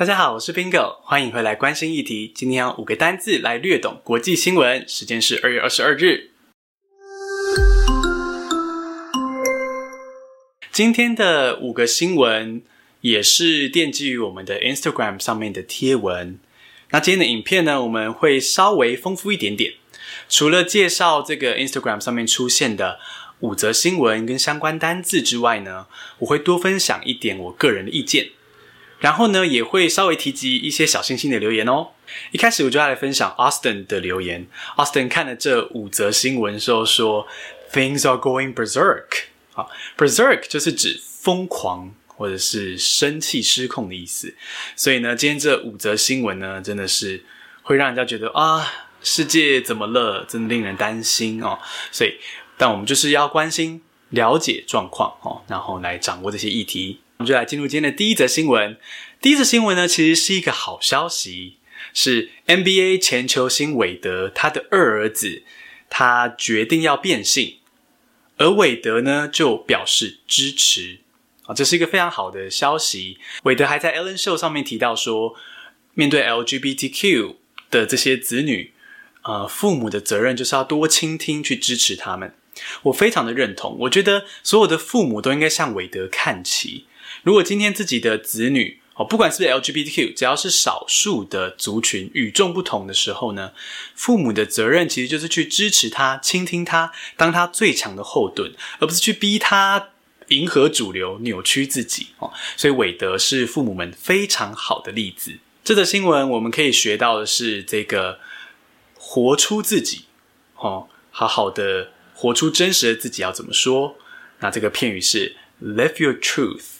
大家好，我是 Bingo，歡迎回來關心議題。今天用五個單字來略懂國際新聞，時間是二月二十二日。今天的五個新聞也是奠基於我們的 Instagram 上面的貼文。那今天的影片呢，我們會稍微豐富一點點。除了介紹這個 Instagram 上面出現的五則新聞跟相關單字之外呢，我會多分享一點我個人的意見。然後呢，也會稍微提及一些小星星的留言哦。一開始我就要來分享 Austin 的留言。Austin 看了這五則新聞的時候說：“Things are going berserk。”好啊，berserk 就是指瘋狂或者是生氣失控的意思。所以呢，今天這五則新聞呢，真的是會讓人家覺得啊，世界怎麼了？真的令人擔心哦。所以，但我們就是要關心、了解狀況哦，然後來掌握這些議題。我們就來進入今天的第一則新聞。第一則新聞呢，其實是一個好消息，是 NBA 前球星韋德他的二兒子，他決定要變性，而韋德呢就表示支持啊，這是一個非常好的消息。韋德還在 Ellen Show 上面提到說，面對 LGBTQ 的這些子女，呃，父母的責任就是要多傾聽，去支持他們。我非常的認同，我覺得所有的父母都應該向韋德看齊。如果今天自己的子女哦，不管是 LGBTQ，只要是少數的族群，與眾不同的時候呢，父母的責任其實就是去支持他、傾聽他，當他最強的後盾，而不是去逼他迎合主流、扭曲自己哦。所以韋德是父母們非常好的例子。這則新聞我們可以學到的是這個活出自己哦，好好的活出真實的自己要怎麼說？那這個片語是 “Live your truth”。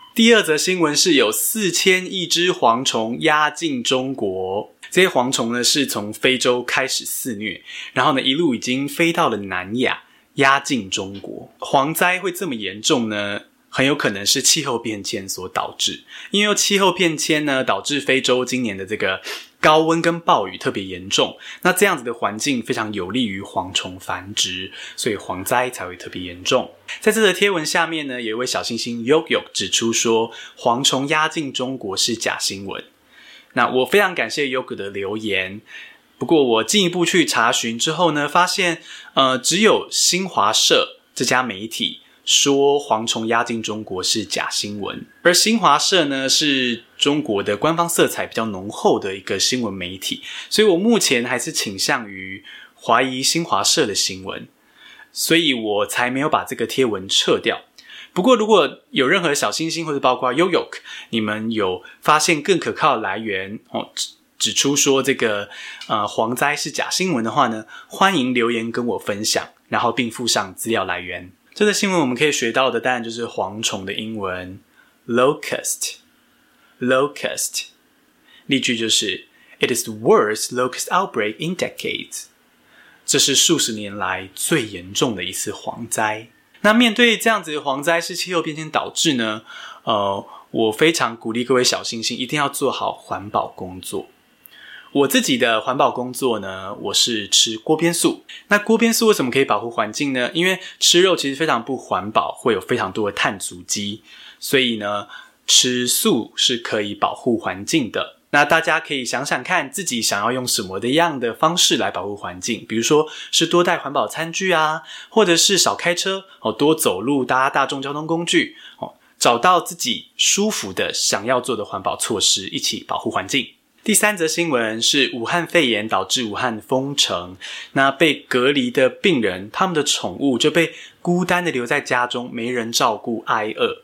第二則新聞是有四千億隻蝗蟲壓境中國，這些蝗蟲呢，是從非洲開始肆虐，然後呢，一路已經飛到了南亞，壓境中國。蝗災會這麼嚴重呢？很有可能是氣候變遷所導致，因為氣候變遷呢導致非洲今年的這個。高溫跟暴雨特別嚴重，那這樣子的環境非常有利於蝗蟲繁殖，所以蝗災才會特別嚴重。在這個貼文下面呢，有一位小星星 Yogo 指出說，蝗蟲壓境中國是假新聞。那我非常感謝 Yogo 的留言，不過我進一步去查詢之後呢，發現呃只有新華社這家媒體說蝗蟲壓境中國是假新聞，而新華社呢是中國的官方色彩比較濃厚的一個新聞媒體，所以我目前還是傾向於懷疑新華社的新聞，所以我才沒有把這個貼文撤掉。不過如果有任何小星星或者包括 Yoyok，你們有發現更可靠的來源哦，指出說這個呃蝗災是假新聞的話呢，歡迎留言跟我分享，然後並附上資料來源。這個新聞我們可以學到的，當然就是蝗蟲的英文 locust，locust loc。例句就是 "It is the worst locust outbreak in decades。"這是數十年來最嚴重的一次蝗災。那面對這樣子的蝗災是氣候變遷導致呢？呃，我非常鼓勵各位小星星一定要做好環保工作。我自己的環保工作呢，我是吃鍋邊素。那鍋邊素為什麼可以保護環境呢？因為吃肉其實非常不環保，會有非常多的碳足跡，所以呢，吃素是可以保護環境的。那大家可以想想看，自己想要用什麼的樣的方式來保護環境，比如說是多帶環保餐具啊，或者是少開車哦，多走路搭大眾交通工具哦，找到自己舒服的想要做的環保措施，一起保護環境。第三則新聞是武漢肺炎導致武漢封城，那被隔離的病人，他們的寵物就被孤單的留在家中，沒人照顧，挨餓。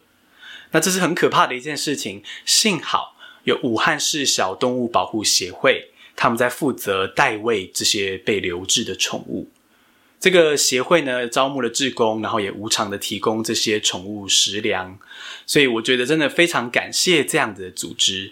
那這是很可怕的一件事情。幸好有武漢市小動物保護協會，他們在負責代餵這些被留置的寵物。這個協會呢，招募了志工，然後也無償的提供這些寵物食糧。所以我覺得真的非常感謝這樣的組織。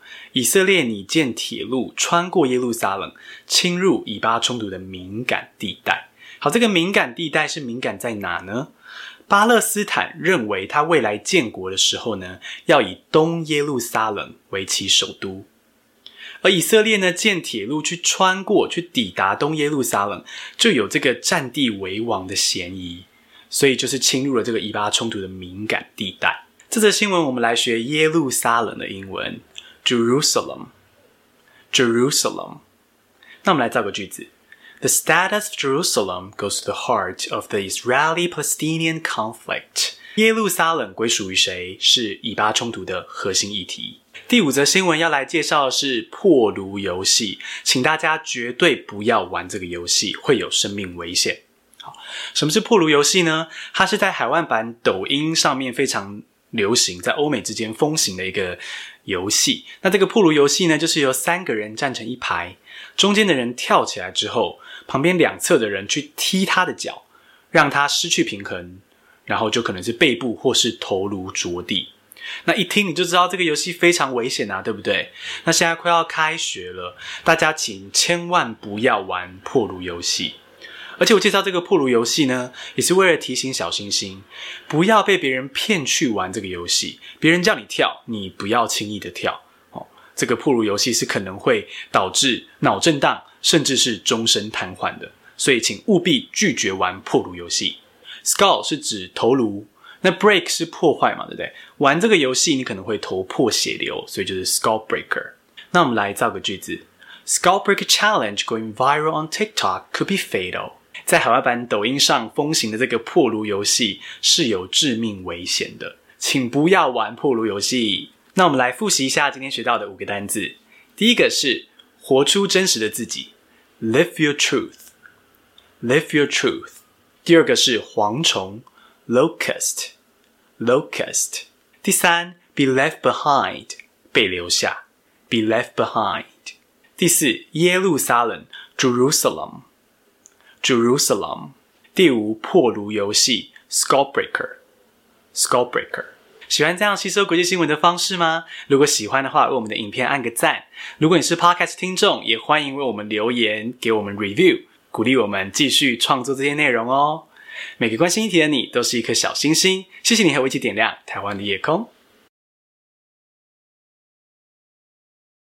以色列擬建鐵路穿過耶路撒冷，侵入以巴衝突的敏感地帶。好，這個敏感地帶是敏感在哪呢？巴勒斯坦認為，他未來建國的時候呢，要以東耶路撒冷為其首都，而以色列呢，建鐵路去穿過去抵達東耶路撒冷，就有這個占地為王的嫌疑，所以就是侵入了這個以巴衝突的敏感地帶。這則新聞，我們來學耶路撒冷的英文。Jerusalem, Jerusalem。那我們來造個句子：The status of Jerusalem goes to the heart of the Israeli-Palestinian conflict。耶路撒冷歸屬於誰？是以巴衝突的核心議題。第五則新聞要來介紹的是破顱遊戲，請大家絕對不要玩這個遊戲，會有生命危險。好，什麼是破顱遊戲呢？它是在海外版抖音上面非常流行，在歐美之間風行的一個。遊戲，那這個破顱遊戲呢，就是由三個人站成一排，中間的人跳起來之後，旁邊兩側的人去踢他的腳，讓他失去平衡，然後就可能是背部或是頭顱着地。那一聽你就知道這個遊戲非常危險啊，對不對？那現在快要開學了，大家請千萬不要玩破顱遊戲。而且我介紹這個破顱遊戲呢，也是為了提醒小星星，不要被別人騙去玩這個遊戲。別人叫你跳，你不要輕易的跳哦。這個破顱遊戲是可能會導致腦震盪，甚至是終身癱瘓的。所以，請務必拒絕玩破顱遊戲。Skull 是指頭顱，那 break 是破壞嘛，對不對？玩這個遊戲，你可能會頭破血流，所以就是 Skull Breaker。那我們來造個句子：Skull Breaker Challenge going viral on TikTok could be fatal。在海外版抖音上風行的這個破顱遊戲是有致命危險的，請不要玩破顱遊戲。那我們來複習一下今天學到的五個單字：第一個是活出真實的自己，Live your truth，Live your truth。第二個是蝗蟲，Locust，Locust loc。第三，be left behind，被留下，be left behind。第四，耶路撒冷，Jerusalem。Jerusalem，第五，破顱遊戲 Skull-breaker，Skull-breaker 喜歡這樣吸收國際新聞的方式嗎？如果喜歡的話，為我們的影片按個讚。如果你是 Podcast 聽眾，也歡迎為我們留言，給我們 review，鼓勵我們繼續創作這些內容哦。每個關心議題的你，都是一顆小星星。謝謝你和我一起點亮台灣的夜空。